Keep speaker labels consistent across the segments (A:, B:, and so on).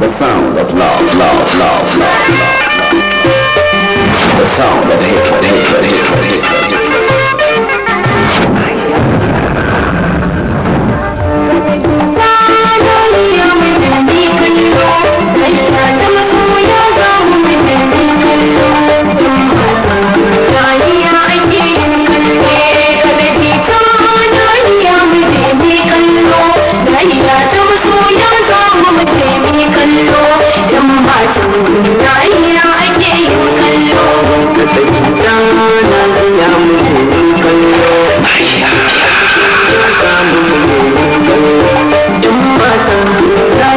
A: The sound of love, love, love, love, love, love. The sound of hatred, hatred, hatred, hatred. muke yi kallo yan bakin duniya iya ake yi kallo da dana muke yi kallo duk abin da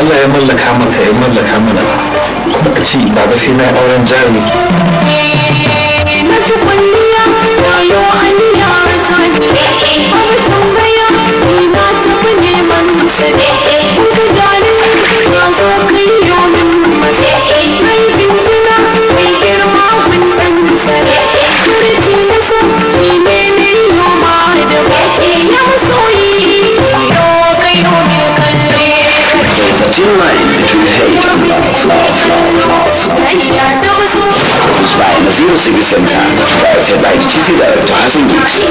A: Allah ya mallaka maka ya mallaka mana kuma ka ce ba sai na auren jari you are. 只有自己生产，呃，才买，其实的，就还是不行。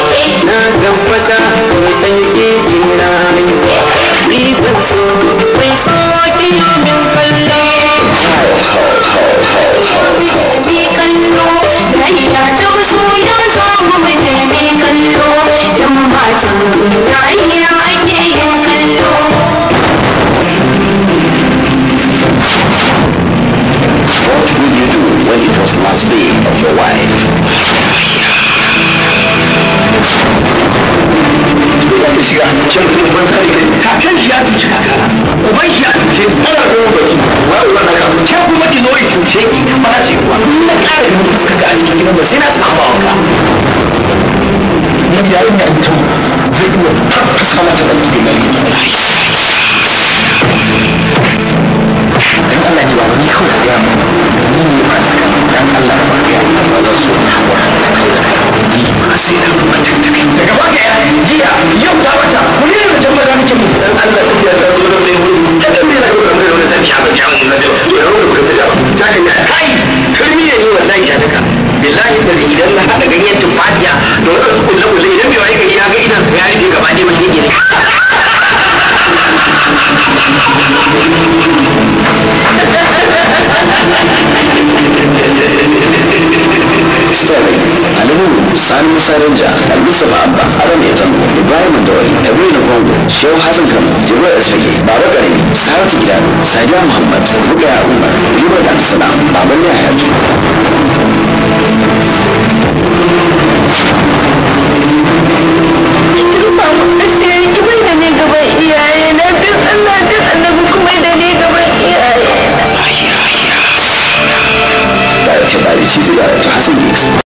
A: yayin da mutum zai iya fasa mata ɗan da mai dan Allah ne ba wani kawai da yamma ni ne ba ta kan dan Allah ba ya ba za su hawa da ba sai da ta kai daga ba ga jiya yau ta wata kuni ne mutum ba za mu mu dan Allah ku ya zo da mai wuri da da mai da mai wani zai ya ba ya ba da to ya wuri ka da ta kan ya kai kirmi ne wallahi ta daka billahi da idan na hada ganyen da Saranja, bisa ba Abba, ya Etam, Ibrahim Dawari, na Gongo, Shehu Hassan Kano, ya Asfage, Baba Karimi, Saratu Gidano, Sadiya Muhammad, Rukaya Umar, Jibril Abdulsalam, Baban